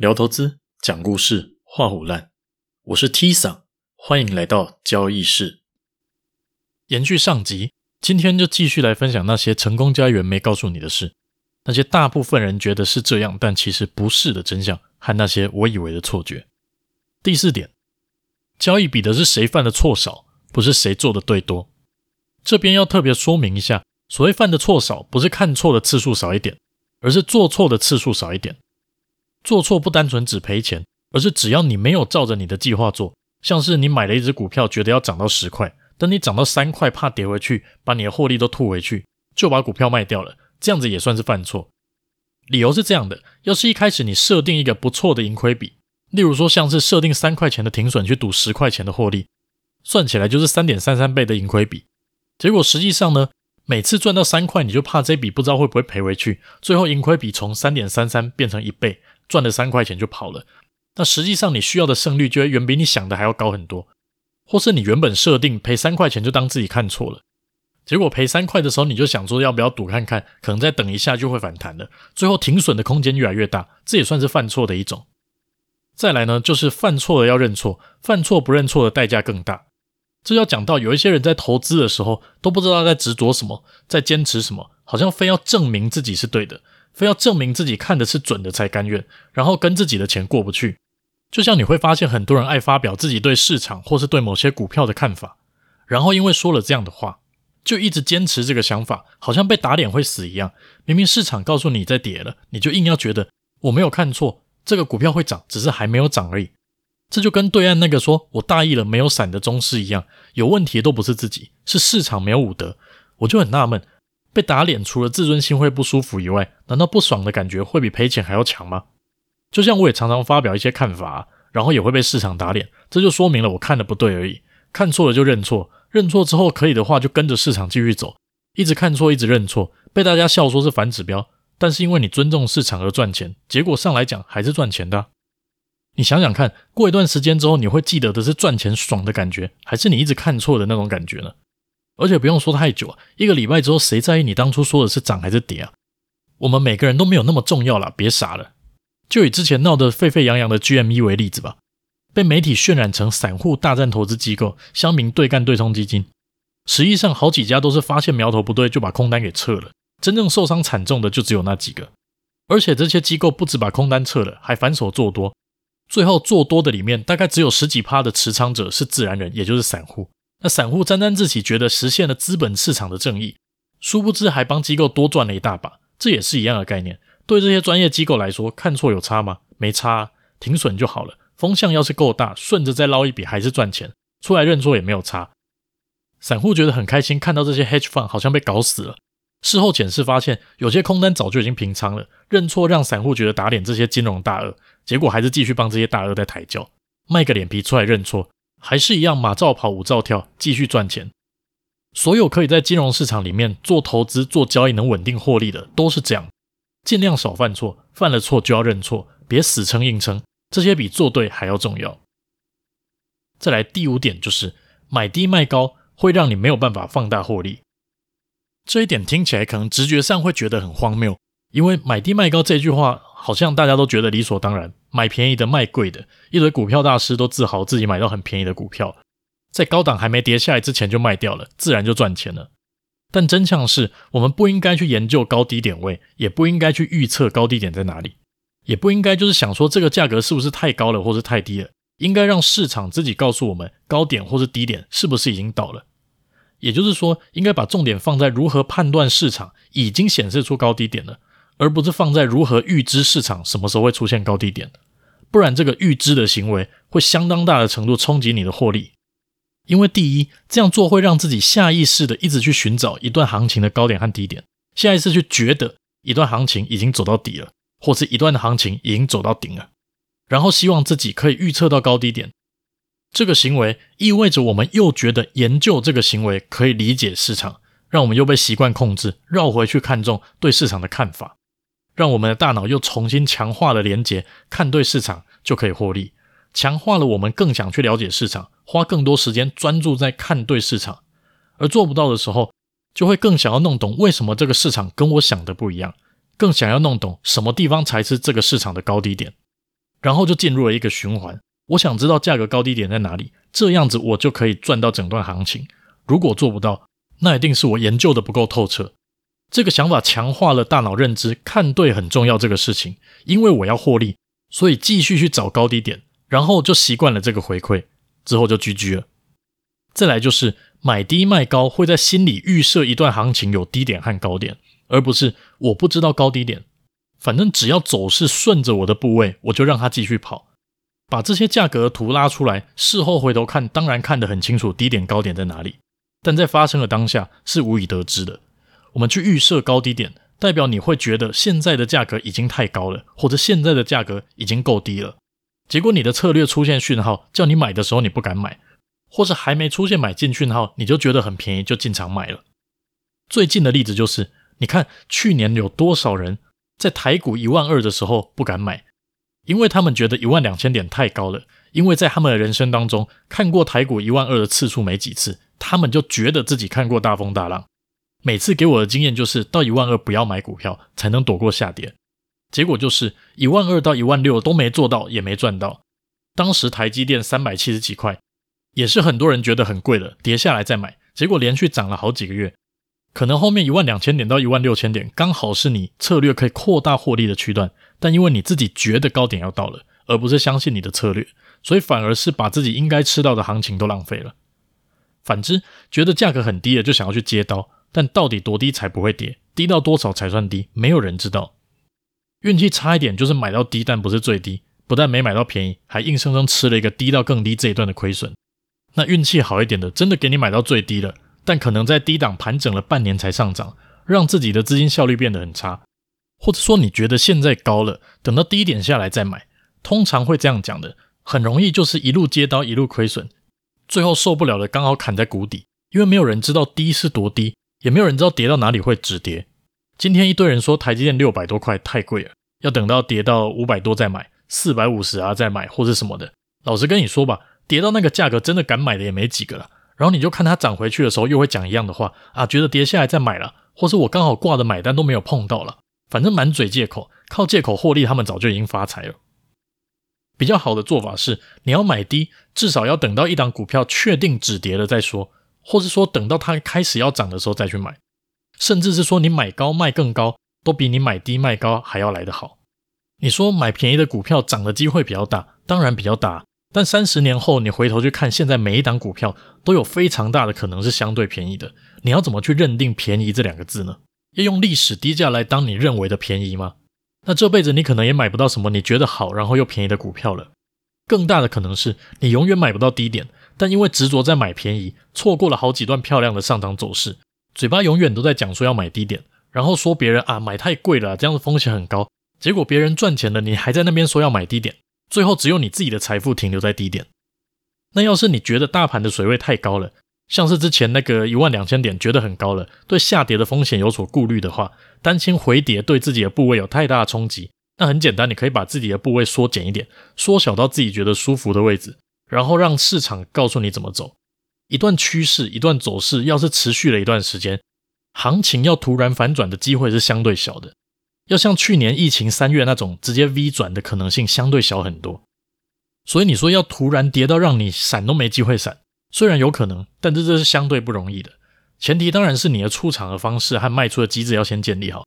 聊投資，講故事，話虎爛。我是 Tisa，歡迎來到交易室。延續上集，今天就繼續來分享那些成功交易員沒告訴你的事，那些大部分人覺得是這樣，但其實不是的真相，和那些我以為的錯覺。第四點，交易比的是誰犯的錯少，不是誰做的對多。這邊要特別說明一下，所謂犯的錯少，不是看錯的次數少一點，而是做錯的次數少一點。做錯不單純只賠錢，而是只要你沒有照着你的計劃做，像是你買了一隻股票，覺得要漲到十塊，等你漲到三塊，怕跌回去，把你的獲利都吐回去，就把股票賣掉了，這樣子也算是犯錯。理由是這樣的，要是一開始你設定一個不錯的盈虧比，例如說像是設定三塊錢的停損去賭十塊錢的獲利，算起來就是三點三三倍的盈虧比。結果實際上呢，每次賺到三塊，你就怕這筆不知道會不會賠回去，最後盈虧比從三點三三變成一倍。賺了三塊錢就跑了，那實際上你需要的勝率就會遠比你想的還要高很多，或是你原本設定賠三塊錢就當自己看錯了，結果賠三塊的時候你就想說要不要賭看看，可能再等一下就會反彈了，最後停損的空間越來越大，這也算是犯錯的一種。再來呢，就是犯錯了要認錯，犯錯不認錯的代價更大。這要講到有一些人在投資的時候都不知道在執着什麼，在堅持什麼，好像非要證明自己是對的。非要證明自己看的是準的才甘願，然後跟自己的錢過不去。就像你會發現，很多人愛發表自己對市場或是對某些股票的看法，然後因為說了這樣的話，就一直堅持這個想法，好像被打臉會死一樣。明明市場告訴你在跌了，你就硬要覺得我沒有看錯，這個股票會漲，只是還沒有漲而已。這就跟對岸那個說我大意了沒有閃的宗師一樣，有問題都不是自己，是市場沒有武德。我就很納悶。被打臉，除了自尊心會不舒服以外，難道不爽的感覺會比賠錢還要強嗎？就像我也常常發表一些看法啊，然後也會被市場打臉，這就說明了我看的不對而已，看錯了就認錯，認錯之後可以的話就跟着市場繼續走，一直看錯一直認錯，被大家笑說是反指標，但是因為你尊重市場而賺錢，結果上來講還是賺錢的啊。你想想看，過一段時間之後，你會記得的是賺錢爽的感覺，還是你一直看錯的那種感覺呢？而且不用說太久，一個禮拜之後，誰在意你當初說的是漲還是跌啊？我們每個人都沒有那麼重要啦，別傻了。就以之前鬧得沸沸揚揚的 GME 為例子吧，被媒體渲染成散戶大戰投資機構、鄉民對幹對沖基金，實際上好幾家都是發現苗頭不對就把空單給撤了，真正受傷慘重的就只有那幾個。而且這些機構不止把空單撤了，還反手做多，最後做多的裡面大概只有十幾趴的持倉者是自然人，也就是散戶。那散戶沾沾自喜，覺得實現了資本市場的正義，殊不知還幫機構多賺了一大把，這也是一樣的概念。對這些專業機構來說，看錯有差嗎？沒差啊，停損就好了。風向要是夠大，順着再撈一筆還是賺錢。出來認錯也沒有差。散戶覺得很開心，看到這些 hedge fund 好像被搞死了。事後檢視發現，有些空單早就已經平倉了。認錯讓散戶覺得打臉這些金融大鱷，結果還是繼續幫這些大鱷在抬轎，賣個臉皮出來認錯。還是一樣，馬照跑，舞照跳，繼續賺錢。所有可以在金融市場裡面做投資、做交易能穩定獲利的，都是這樣。盡量少犯錯，犯了錯就要認錯，別死撐硬撐，這些比做對還要重要。再來第五點就是買低賣高，會讓你沒有辦法放大獲利。這一點聽起來可能直覺上會覺得很荒謬。因為買低賣高這句話，好像大家都覺得理所當然。買便宜的賣貴的，一堆股票大師都自豪自己買到很便宜的股票，在高檔還沒跌下來之前就賣掉了，自然就賺錢了。但真相是，我們不應該去研究高低點位，也不應該去預測高低點在哪裡，也不應該就是想說這個價格是不是太高了，或是太低了。應該讓市場自己告訴我們高點或是低點是不是已經到了。也就是說，應該把重點放在如何判斷市場已經顯示出高低點了。而不是放在如何預知市場什麼時候會出現高低點，不然這個預知的行為會相當大的程度衝擊你的獲利。因為第一，這樣做會讓自己下意識的一直去尋找一段行情的高點和低點，下意識去覺得一段行情已經走到底了，或是一段的行情已經走到頂了，然後希望自己可以預測到高低點。這個行為意味着我們又覺得研究這個行為可以理解市場，讓我們又被習慣控制，繞回去看重對市場的看法。讓我們的大腦又重新強化了連接，看對市場就可以獲利，強化了我們更想去了解市場，花更多時間專注在看對市場，而做不到的時候，就會更想要弄懂為什麼這個市場跟我想的不一樣，更想要弄懂什麼地方才是這個市場的高低點，然後就進入了一個循環。我想知道價格高低點在哪裡，這樣子我就可以賺到整段行情。如果做不到，那一定是我研究的不夠透徹。這個想法強化了大腦認知，看對很重要這個事情，因為我要獲利，所以繼續去找高低點，然後就習慣了這個回饋，之後就 GG 了。再來就是買低賣高，會在心裡預設一段行情有低點和高點，而不是我不知道高低點，反正只要走勢順着我的部位，我就讓它繼續跑。把這些價格圖拉出來，事後回頭看，當然看得很清楚低點高點在哪裡，但在發生的當下是無以得知的。我們去預設高低點，代表你會覺得現在的價格已經太高了，或者現在的價格已經夠低了。結果你的策略出現訊號，叫你買的時候，你不敢買，或是還沒出現買進訊號，你就覺得很便宜就進場買了。最近的例子就是，你看去年有多少人在台股一萬二的時候不敢買，因為他們覺得一萬兩千點太高了，因為在他們的人生當中，看過台股一萬二的次數沒幾次，他們就覺得自己看過大風大浪。每次給我的經驗就是到一萬二不要買股票，才能躲過下跌。結果就是一萬二到一萬六都沒做到，也沒賺到。當時台積電三百七十幾塊，也是很多人覺得很貴的，跌下來再買。結果連續漲了好幾個月，可能後面一萬兩千點到一萬六千點，剛好是你策略可以擴大獲利的區段。但因為你自己覺得高點要到了，而不是相信你的策略，所以反而是把自己應該吃到的行情都浪費了。反之，覺得價格很低了，就想要去接刀。但到底多低才不會跌？低到多少才算低？沒有人知道。運氣差一點，就是買到低，但不是最低，不但沒買到便宜，還硬生生吃了一個低到更低這一段的虧損。那運氣好一點的，真的給你買到最低了，但可能在低檔盤整了半年才上漲，讓自己的資金效率變得很差。或者說你覺得現在高了，等到低點下來再買，通常會這樣講的，很容易就是一路接刀一路虧損，最後受不了的剛好砍在谷底，因為沒有人知道低是多低。也沒有人知道跌到哪裡會止跌。今天一堆人說台積電六百多塊太貴了，要等到跌到五百多再買，四百五十啊再買或是什麼的。老實跟你說吧，跌到那個價格真的敢買的也沒幾個了。然後你就看它漲回去的時候又會講一樣的話啊，覺得跌下來再買了，或是我剛好掛的買單都沒有碰到了，反正滿嘴借口，靠借口獲利，他們早就已經發財了。比較好的做法是，你要買低，至少要等到一檔股票確定止跌了再說。或是說，等到它開始要漲的時候再去買，甚至是說你買高賣更高，都比你買低賣高還要來得好。你說買便宜的股票漲的機會比較大，當然比較大。但三十年後你回頭去看，現在每一檔股票都有非常大的可能是相對便宜的。你要怎麼去認定“便宜”這兩個字呢？要用歷史低價來當你認為的便宜嗎？那這輩子你可能也買不到什麼你覺得好，然後又便宜的股票了。更大的可能是你永遠買不到低點。但因為執着在買便宜，錯過了好幾段漂亮的上漲走勢，嘴巴永遠都在講說要買低點，然後說別人啊買太貴了，這樣的風險很高。結果別人賺錢了，你還在那邊說要買低點，最後只有你自己的財富停留在低點。那要是你覺得大盤的水位太高了，像是之前那個一萬兩千點覺得很高了，對下跌的風險有所顧慮的話，擔心回跌對自己的部位有太大的衝擊，那很簡單，你可以把自己的部位縮減一點，縮小到自己覺得舒服的位置。然後讓市場告訴你怎麼走，一段趨勢，一段走勢，要是持續了一段時間，行情要突然反轉的機會是相對小的，要像去年疫情三月那種直接 V 轉的可能性相對小很多。所以你說要突然跌到讓你閃都沒機會閃，雖然有可能，但這這是相對不容易的。前提當然是你的出場的方式和賣出的機制要先建立好，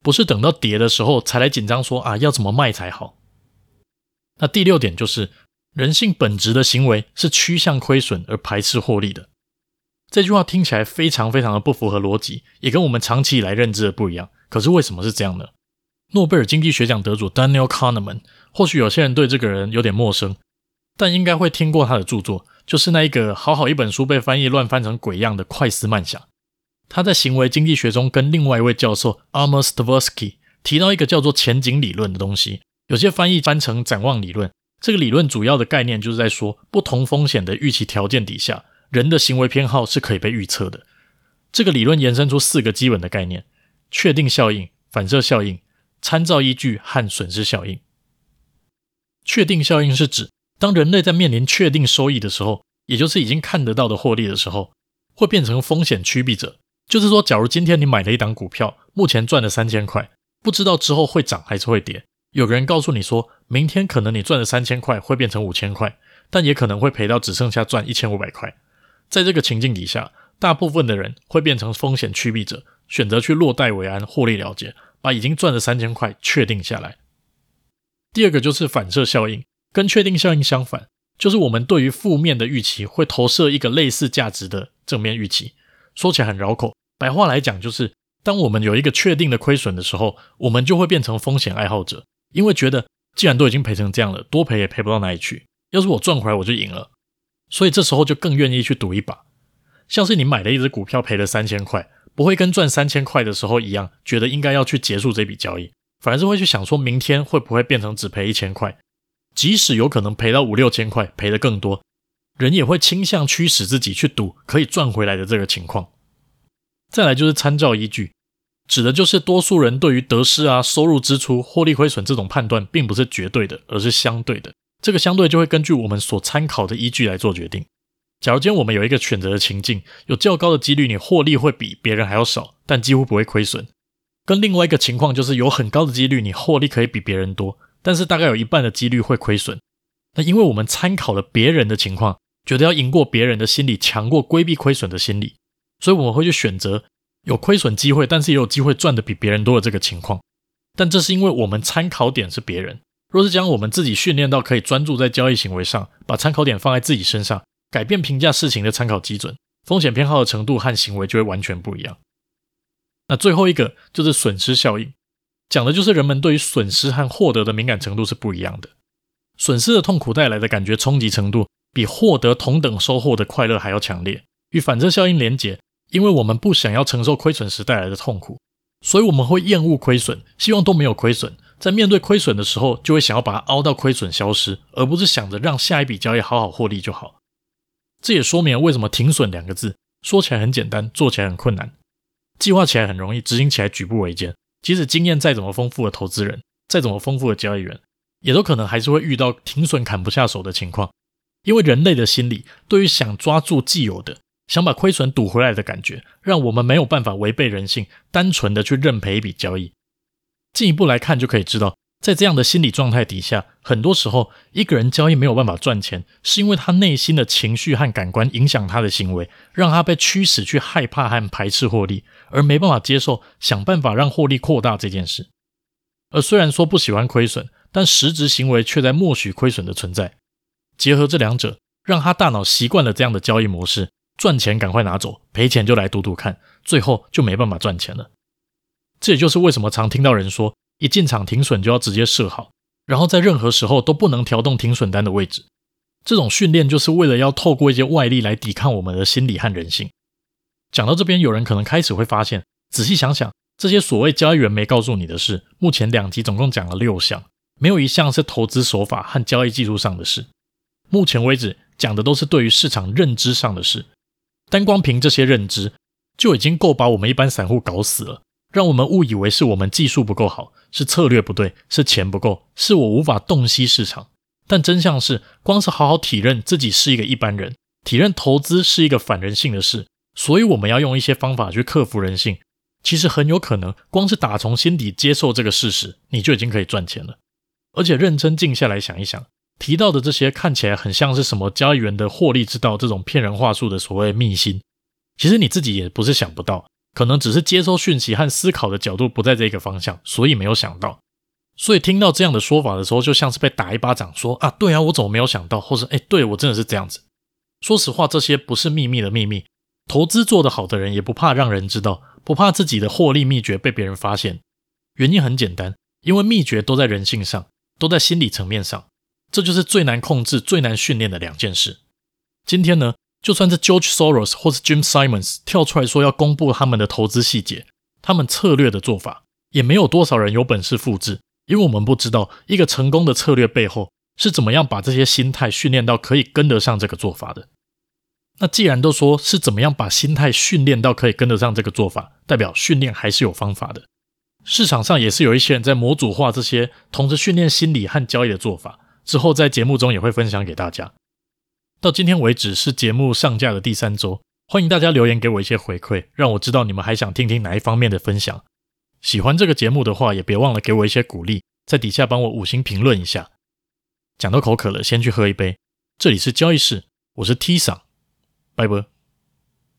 不是等到跌的時候才來緊張說，啊，要怎麼賣才好。那第六點就是。人性本質的行為是趨向虧損而排斥獲利的。這句話聽起來非常非常的不符合邏輯，也跟我們長期以來認知的不一樣。可是為什麼是這樣呢？諾貝爾經濟學獎得主 Daniel Kahneman，或許有些人對這個人有點陌生，但應該會聽過他的著作，就是那一個好好一本書被翻譯亂翻成鬼樣的《快思慢想》。他在行為經濟學中跟另外一位教授 Amos Tversky 提到一個叫做前景理論的東西，有些翻譯翻成展望理論。這個理論主要的概念就是在說，不同風險的預期條件底下，人的行為偏好是可以被預測的。這個理論延伸出四個基本的概念：確定效應、反射效應、參照依據和損失效應。確定效應是指，當人類在面臨確定收益的時候，也就是已經看得到的獲利的時候，會變成風險趨避者。就是說，假如今天你買了一檔股票，目前賺了三千塊，不知道之後會漲還是會跌。有個人告訴你說，說明天可能你賺的三千塊會變成五千塊，但也可能會賠到只剩下賺一千五百塊。在這個情境底下，大部分的人會變成風險趨避者，選擇去落袋為安，獲利了結，把已經賺的三千塊確定下來。第二個就是反射效應，跟確定效應相反，就是我們對於負面的預期會投射一個類似價值的正面預期。說起來很繞口，白話來講就是，當我們有一個確定的虧損的時候，我們就會變成風險愛好者。因為覺得既然都已經賠成這樣了，多賠也賠不到哪裡去。要是我賺回來，我就贏了。所以這時候就更願意去賭一把。像是你買了一隻股票賠了三千塊，不會跟賺三千塊的時候一樣，覺得應該要去結束這筆交易，反而是會去想說明天會不會變成只賠一千塊。即使有可能賠到五六千塊，賠得更多，人也會傾向驅使自己去賭可以賺回來的這個情況。再來就是參照依據。指的就是多數人對於得失啊、收入支出、獲利虧損這種判斷，並不是絕對的，而是相對的。這個相對就會根據我們所參考的依據來做決定。假如今天我們有一個選擇的情境，有較高的幾率你獲利會比別人還要少，但幾乎不會虧損；跟另外一個情況就是有很高的幾率你獲利可以比別人多，但是大概有一半的幾率會虧損。那因為我們參考了別人的情況，覺得要贏過別人的心理，強過規避虧損的心理，所以我們會去選擇。有虧損機會，但是也有機會賺的比別人多的這個情況，但這是因為我們參考點是別人。若是將我們自己訓練到可以專注在交易行為上，把參考點放在自己身上，改變評價事情的參考基準，風險偏好的程度和行為就會完全不一樣。那最後一個就是損失效應，講的就是人們對於損失和獲得的敏感程度是不一樣的。損失的痛苦帶來的感覺衝擊程度，比獲得同等收穫的快樂還要強烈，與反射效應連結。因為我們不想要承受虧損時帶來的痛苦，所以我們會厭惡虧損，希望都沒有虧損。在面對虧損的時候，就會想要把它凹到虧損消失，而不是想着讓下一筆交易好好獲利就好。這也說明了為什麼“停損”兩個字說起來很簡單，做起來很困難，計劃起來很容易，執行起來舉步維艱。即使經驗再怎麼豐富的投資人，再怎麼豐富的交易員，也都可能還是會遇到停損砍不下手的情況，因為人類的心理對於想抓住既有的。想把虧損賭回來的感覺，讓我們沒有辦法違背人性，單純的去認賠一筆交易。進一步來看，就可以知道，在這樣的心理狀態底下，很多時候一個人交易沒有辦法賺錢，是因為他內心的情緒和感官影響他的行為，讓他被驅使去害怕和排斥獲利，而沒辦法接受想辦法讓獲利擴大這件事。而雖然說不喜歡虧損，但實質行為卻在默許虧損的存在。結合這兩者，讓他大腦習慣了這樣的交易模式。賺錢趕快拿走，賠錢就來賭賭看，最後就沒辦法賺錢了。這也就是為什麼常聽到人說，一進場停損就要直接設好，然後在任何時候都不能調動停損單的位置。這種訓練就是為了要透過一些外力來抵抗我們的心理和人性。講到這邊，有人可能開始會發現，仔細想想，這些所謂交易員沒告訴你的事，目前兩集總共講了六項，沒有一項是投資手法和交易技術上的事。目前為止，講的都是對於市場認知上的事。單光憑這些認知，就已經夠把我們一般散戶搞死了，讓我們誤以為是我們技術不夠好，是策略不對，是錢不夠，是我無法洞悉市場。但真相是，光是好好體認自己是一個一般人，體認投資是一個反人性的事，所以我們要用一些方法去克服人性。其實很有可能，光是打從心底接受這個事實，你就已經可以賺錢了。而且認真靜下來想一想。提到的這些看起來很像是什麼交易員的獲利之道這種騙人話術的所謂秘辛，其實你自己也不是想不到，可能只是接收訊息和思考的角度不在這個方向，所以沒有想到。所以聽到這樣的說法的時候，就像是被打一巴掌說，說啊對啊，我怎麼沒有想到，或是哎、欸、對我真的是這樣子。說實話，這些不是秘密的秘密，投資做得好的人也不怕讓人知道，不怕自己的獲利秘訣被別人發現。原因很簡單，因為秘訣都在人性上，都在心理層面上。這就是最難控制、最難訓練的兩件事。今天呢，就算是 George Soros 或是 Jim Simons 跳出來說要公布他們的投資細節、他們策略的做法，也沒有多少人有本事複製，因為我們不知道一個成功的策略背後是怎麼樣把這些心態訓練到可以跟得上這個做法的。那既然都說是怎麼樣把心態訓練到可以跟得上這個做法，代表訓練還是有方法的。市場上也是有一些人在模組化這些同時訓練心理和交易的做法。之後在節目中也會分享給大家。到今天為止是節目上架的第三周，歡迎大家留言給我一些回饋，讓我知道你們還想聽聽哪一方面的分享。喜歡這個節目的話，也別忘了給我一些鼓勵，在底下幫我五星評論一下。講到口渴了，先去喝一杯。這裡是交易事，我是 T 桑，拜拜。